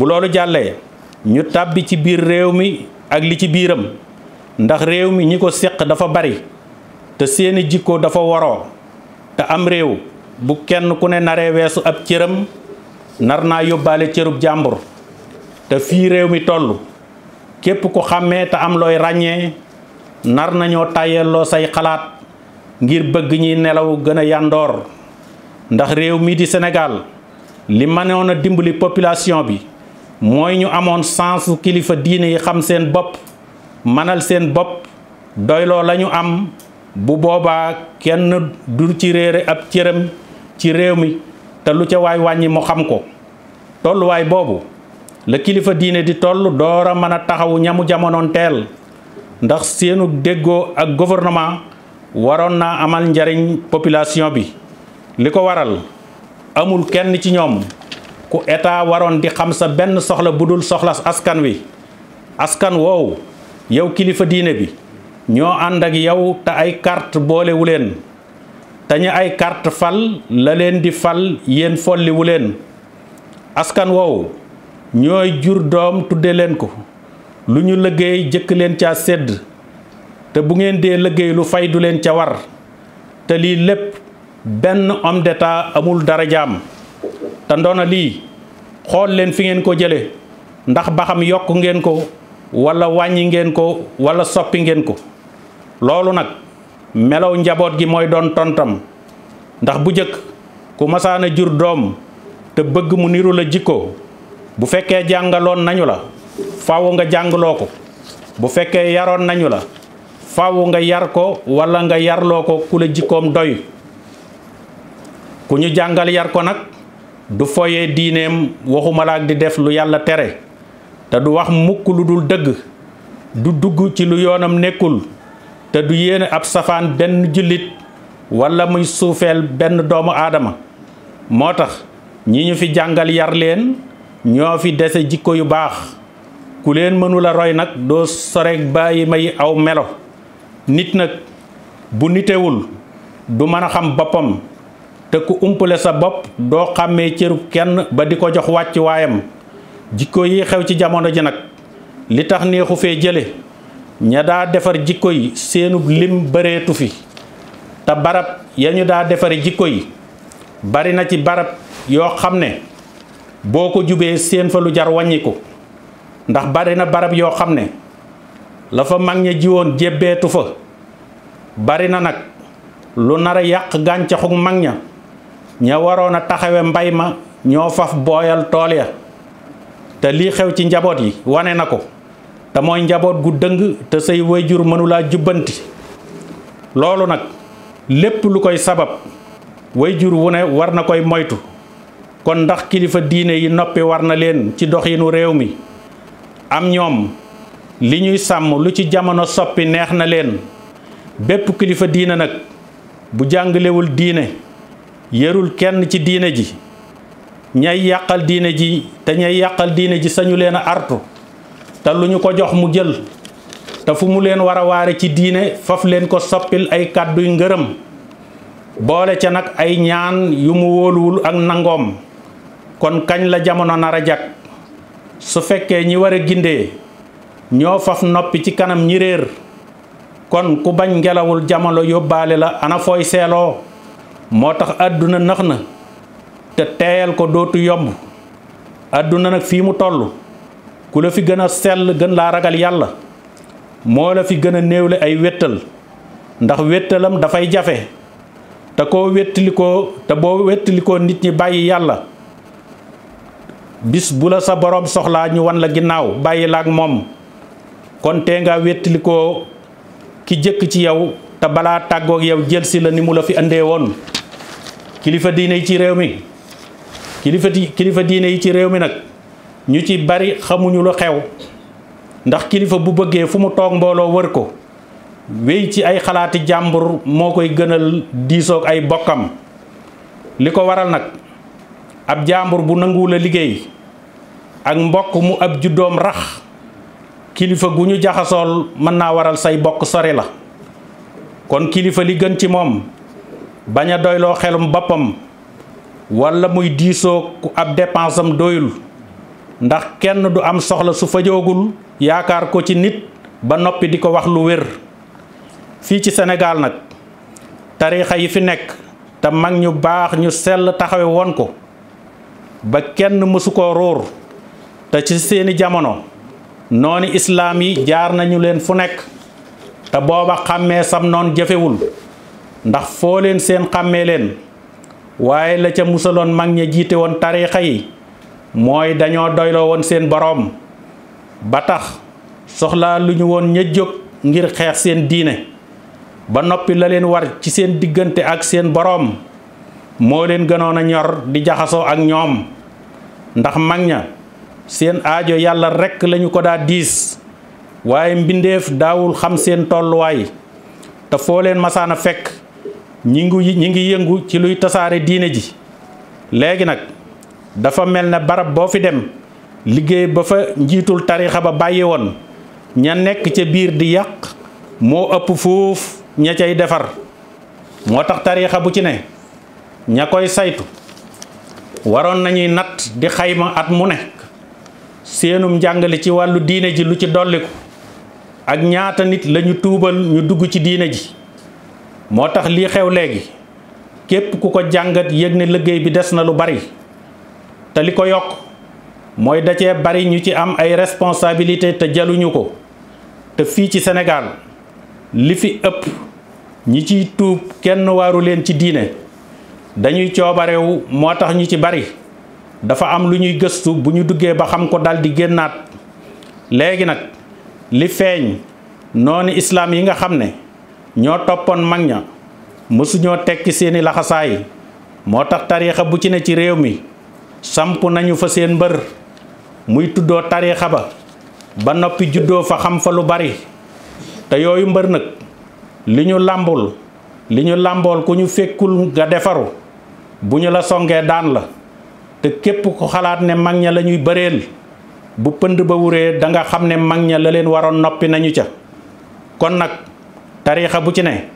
bu loolu jàllee ñu tàbbi ci biir réew mi ak li ci biiram ndax réew mi ñi ko séq dafa bari te seeni jikko dafa waroo te am réew bu kenn ku ne nare weesu ab cëram nar naa yóbbaale cërub jàmbur te fii réew mi toll képp ku xàmmee te am looy ràññee nar nañoo tàyyelloo say xalaat ngir bëgg ñuy nelaw gën a yàndoor ndax réew mii di senegaal li ne woon a dimbali population bi mooy ñu amoon sensu kilifa diine yi xam seen bopp mënal seen bopp doyloo la ñu am bu boobaa kenn du ci réere ab cëram ci réew mi te lu ca waay wàññi mu xam ko tolluwaay boobu la kilifa diine di toll door a mën a taxawu ñamu jamonoon teel ndax seenu déggoo ak gouvernement waroon naa amal njariñ population bi li ko waral amul kenn ci ñoom ku état waroon di xam sa benn soxla bu dul soxla askan wi askan woowu yow kilifa diine bi ñoo ànd ak yow te ay carte boolewu leen te ñu ay carte fal la leen di fal yéen folliwu leen askan woowu ñooy jur doom tudde leen ko lu ñu liggéey jëkk leen ca sédd te bu ngeen dee liggéey lu fay du leen ca war te lii lépp benn homme d'état amul darajaam te ndoona lii xool leen fi ngeen ko jëlee ndax ba xam yokk ngeen ko walla wàññi ngeen ko wala soppi ngeen ko loolu nag melow njaboot gi mooy doon tontam ndax bu jëkk ku masaana jur doom te bëgg mu niru la jikko bu fekkee jàngaloon nañu la faaw nga jàngaloo ko bu fekkee yaroon nañu la faaw nga yar ko wala nga yarloo ko ku la jikkoom doy ku ñu jàngal yar ko nag du foye diineem waxuma la di def lu yàlla tere te du wax mukk lu dul dëgg du dugg ci lu yoonam nekkul te du yéene ab safaan benn jullit wala muy suufeel benn doomu aadama moo tax ñi ñu fi jàngal yar leen ñoo fi dese jikko yu baax ku leen mënula roy nag doo soreeg bàyyi may aw melo nit nag bu nitewul du mën a xam boppam te ku umpale sa bopp doo xàmmee cërub kenn ba di ko jox wàcc waayam jikko yi xew ci jamono ji nag li tax neexu fee jële ña daa defar jikko yi seenub lim bareetu fi te barab ya ñu daa defare jikko yi bari na ci barab yoo xam ne boo ko jubee seen fa lu jar wàññiku ndax bari na barab yoo xam ne la fa mag ña jiwoon jébbeetu fa bari na nag lu nar a yàq gàncaxu mag ña ña waroon a taxawe mbay ma ñoo faf booyal tool ya te lii xew ci njaboot yi wane na ko te mooy njaboot gu dëng te say wayjur mënulaa jubbanti loolu nag lépp lu koy sabab wayjur wu ne war na koy moytu kon ndax kilifa diine yi noppi war na leen ci doxinu réew mi am ñoom li ñuy sàmm lu ci jamono soppi neex na leen bépp kilifa diine nag bu jàngalewul diine yarul kenn ci diine ji ñay yàqal diine ji te ñay yàqal diine ji sañu leen a artu te lu ñu ko jox mu jël te fu mu leen war a waare ci diine faf leen ko soppil ay kàdduy ngërëm boole ca nag ay ñaan yu mu wóoluwul ak nangoom kon kañ la jamono nar a jag su fekkee ñi war a gindee ñoo faf noppi ci kanam ñi réer kon ku bañ ngelawul jamono yóbbaale la ana fooy moo tax àdduna nax na te teeyal ko dootu yomb àdduna nag fii mu toll ku la fi gën a sell gën laa ragal yàlla moo la fi gën a néewle ay wéttal ndax wéttalam dafay jafe te koo wéttalikoo te boo wéttalikoo nit ñi bàyyi yàlla bis bu la sa borom soxlaa ñu wan la ginnaaw bàyyi la ak moom kon tee nga wéttalikoo ki jëkk ci yow te balaa tàggoog yow jëlsi la ni mu la fi andee woon kilifa diine yi ci réew mi kilifa di kilifa diine yi ci réew mi nag ñu ci bari xamuñu lu xew ndax kilifa bu bëggee fu mu toog mbooloo wër ko wéy ci ay xalaati jàmbur moo koy gënal diisoog ay bokkam li ko waral nag ab jàmbur bu nanguwul a liggéey ak mbokk mu ab juddoom rax kilifa gu ñu jaxasool mën naa waral say bokk sori la kon kilifa li gën ci moom bañ a doyloo xelum boppam walla muy diisoo ku ab dépensam doyul ndax kenn du am soxla su fajoogul yaakaar ko ci nit ba noppi di ko wax lu wér fii ci Sénégal nag tariixa yi fi nekk te mag ñu baax ñu sell taxawe woon ko ba kenn mësu koo róor te ci seeni jamono nooni islaam yi jaar nañu leen fu nekk te booba xàmmee sam noon jëfewul ndax foo leen seen xàmmee leen waaye la ca musaloon mag ña jiite woon tariixa yi mooy dañoo doyloo woon seen boroom ba tax soxlaa lu ñu woon ña jóg ngir xeex seen diine ba noppi la leen war ci seen diggante ak seen boroom moo leen gënoon a ñor di jaxasoo ak ñoom ndax mag ña seen aajo yàlla rekk lañu ko daa diis waaye mbindeef daawul xam seen tolluwaay te foo leen masaan fekk ñi ngi ñi ngi yëngu ci luy tasaare diine ji léegi nag dafa mel na barab boo fi dem liggéey ba fa njiitul tarixa ba bàyyi woon ña nekk ca biir di yàq moo ëpp fuuf ña cay defar moo tax tarixa bu ci ne ña koy saytu waroon nañuy natt di xayma at mu nekk seenum njàngale ci wàllu diine ji lu ci dolliku ak ñaata nit lañu tuubal ñu dugg ci diine ji moo tax lii xew léegi képp ku ko jàngat yëg ne liggéey bi des na lu bari te li ko yokk mooy da cee bari ñu ci am ay responsabilité te jaluñu ko te fii ci Sénégal li fi ëpp ñi ciy tuub kenn waaru leen ci diine dañuy coobarewu moo tax ñu ci bari dafa am lu ñuy gëstu bu ñu duggee ba xam ko dal di génnaat léegi nag li feeñ noonu islaam yi nga xam ne ñoo toppoon mag ña mësuñoo tekki seeni laxasaay moo tax tariixa bu ci ne ci réew mi samp nañu fa seen mbër muy tuddoo tariixa ba ba noppi juddoo fa xam fa lu bari te yooyu mbër nag li ñu làmbul li ñu làmbool ku ñu fekkul nga defaru bu ñu la songee daan la te képp ku xalaat ne mag ña la ñuy bëreel bu pënd ba wuree da nga xam ne mag ña la leen waroon noppi nañu ca kon nag tariixa bu ci ne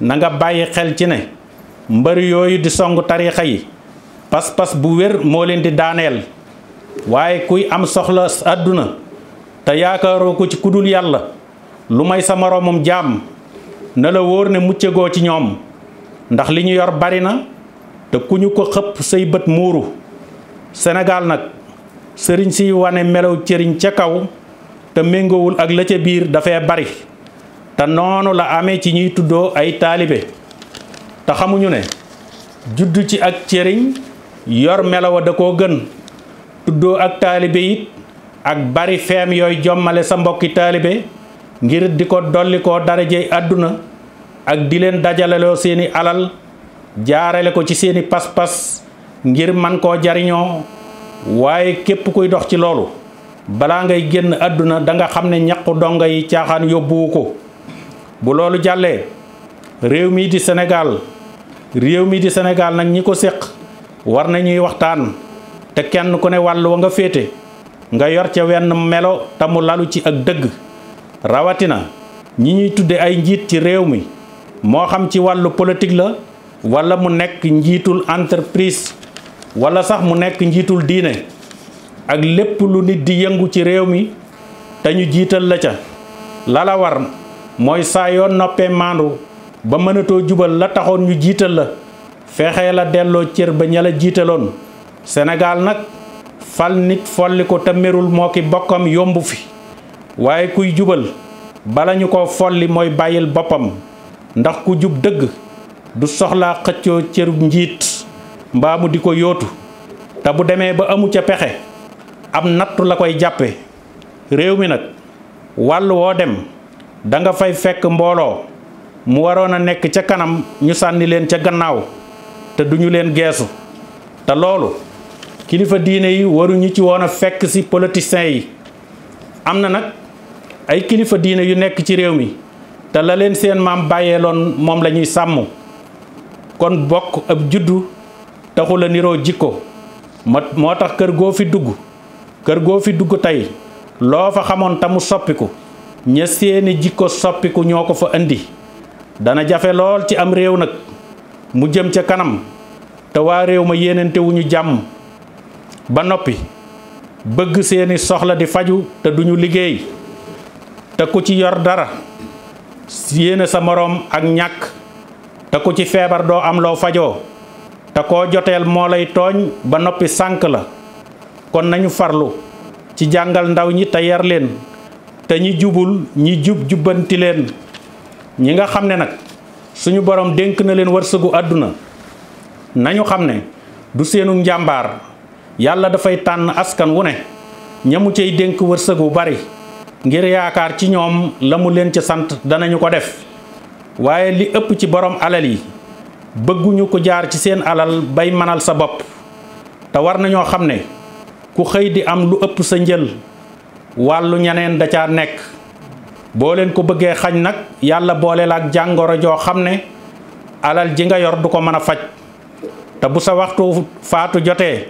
na bàyyi xel ci ne mbari yooyu di song tariixa yi pas-pas bu wér moo leen di daaneel waaye kuy am soxla àdduna te yaakaaroo ko ci ku dul yàlla lu may sa moroomam jaam na la wóor ne muccegoo ci ñoom ndax li ñu yor bari na te ku ñu ko xëpp say bët muuru Sénégal nag sëriñ siy wane melow cëriñ ca kaw te méngowul ak la ca biir dafay bari te noonu la amee ci ñuy tuddoo ay taalibe te xamuñu ne juddu ci ak cëriñ yor melawa da koo gën tuddoo ak taalibe it ak bari feem yooy jommale sa mbokki taalibe ngir di ko dolli ko dara darajey àdduna ak di leen dajaleloo seeni alal jaarale ko ci seeni pas-pas ngir man koo jariñoo waaye képp kuy dox ci loolu balaa ngay génn àdduna danga xam ne ñaqu donga yi caaxaan yóbbuwu ko bu loolu jàllee réew mii di Sénégal réew mi di Sénégal nag ñi ko séq war nañuy waxtaan te kenn ku ne wàll wa nga féete nga yor ca wenn melo tamu lalu ci ak dëgg rawatina ñi ñuy tudde ay njiit ci réew mi moo xam ci wàllu politique la walla mu nekk njiitul entreprise wala sax mu nekk njiitul diine ak lépp lu nit di yëngu ci réew mi te ñu jiital la ca lala war mooy saayoon yoo noppee maandu ba mënatoo jubal la taxoon ñu jiital la feexe la delloo cër ba ña la jiitaloon senegaal nag fal nit folli ko te merul moo ki bokkam yomb fi waaye kuy jubal bala ñu ko folli mooy bàyyil boppam ndax ku jub dëgg du soxlaa xëccoo cërub njiit mbaamu di ko yootu te bu demee ba amu ca pexe am nattu la koy jàppe réew mi nag wàll woo dem da nga fay fekk mbooloo mu waroon a nekk ca kanam ñu sànni leen ca gannaaw te duñu leen geesu te loolu kilifa diine yi waruñu ci woon a fekk si politiciens yi am na nag ay kilifa diine yu nekk ci réew mi te la leen seen maam bàyyeeloon moom lañuy sàmm kon bokk ab juddu taxu la niroo jikko moo tax kër goo fi dugg kër goo fi dugg tey loo fa xamoon tamu soppiku ña seeni jikko soppiku ñoo ko fa indi dana jafe lool ci am réew nag mu jëm ca kanam te waa réew ma yéenantewuñu jàmm ba noppi bëgg seeni soxla di faju te duñu liggéey te ku ci yor dara yéene sa moroom ak ñàkk te ku ci feebar doo am loo fajoo te koo joteel moo lay tooñ ba noppi sànk la kon nañu farlu ci jàngal ndaw ñi te yar leen te ñi jubul ñi jub jubbanti leen ñi nga xam ne nag suñu borom dénk na leen wërsëgu àdduna nañu xam ne du seenu njàmbaar yàlla dafay tànn askan wu ne ñamu cay dénk wërsëg wu bari ngir yaakaar ci ñoom la mu leen ca sant danañu ko def waaye li ëpp ci borom alal yi bëgguñu ko jaar ci seen alal bay manal sa bopp te war nañoo xam ne ku xëy di am lu ëpp sa njël wàllu ñeneen da caa nekk boo leen ko bëggee xaj nag yàlla boole la ak jàngoro joo xam ne alal ji nga yor du ko mën a faj te bu sa waxtu faatu jotee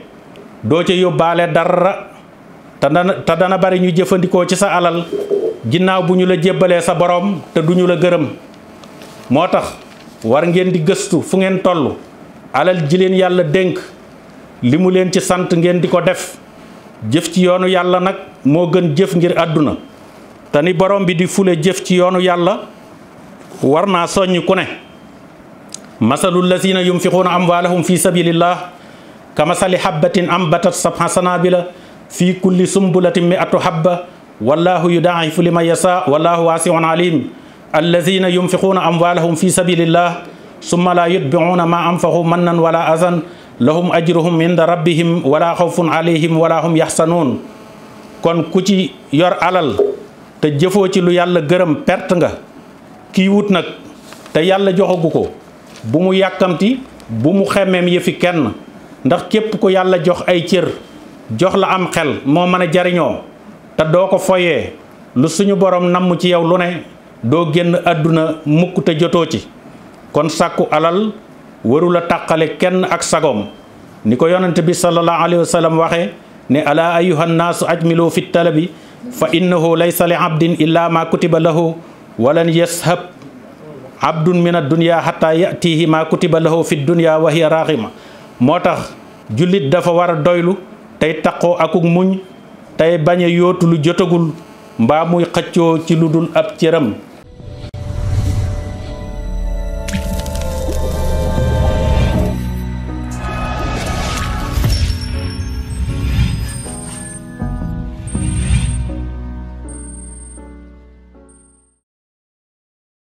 doo ca yóbbaale dara te dana bari ñu jëfandikoo ci sa alal ginnaaw bu ñu la jébbalee sa borom te du ñu la gërëm moo tax war ngeen di gëstu fu ngeen tollu alal ji leen yàlla dénk li mu leen ci sant ngeen di ko def jëf ci yoonu yàlla nag moo gën jëf ngir àdduna te ni bi di fule jëf ci yoonu yàlla war naa soññ ku ne masalul lazina yunfiquuna amwaalahum fi sabilillah kamasali habbatin ambatat sabha sanabila fi kulli sumbulatin mi'atu habba wallahu yudaa'ifu liman yasha wallahu waasi'un alim allazina yunfiquuna amwaalahum fi sabilillah summa la yutbi'uuna ma anfaqu mannan wala azan lahum ajruhum inda rabbihim wala xawfun alayhim wala hum yaxsanuun kon ku ci yor alal te jëfoo ci lu yàlla gërëm perte nga kii wut nag te yàlla joxagu ko bu mu yàkkamti bu mu xemmeem yëfi kenn ndax képp ku yàlla jox ay cër jox la am xel moo mën a jariñoo te doo ko foyee lu suñu borom namm ci yow lu ne doo génn àdduna mukk te jotoo ci kon sàkku alal warula tàqale kenn ak sagoom ni ko yonent bi sallallahu alayhi wa waxe ne alaa ayyuhan naasu ajmilu fi bi fa innahu laysa li abdin illa ma kutiba lahu walan yashab abdun min ad-dunya hatta yatihi ma kutiba lahu fi dunya wa hiya raxima moo tax jullit dafa war a doylu tey taqoo akuk muñ tey bañ a yootu lu jotagul mbaa muy xëccoo ci lu dul ab cëram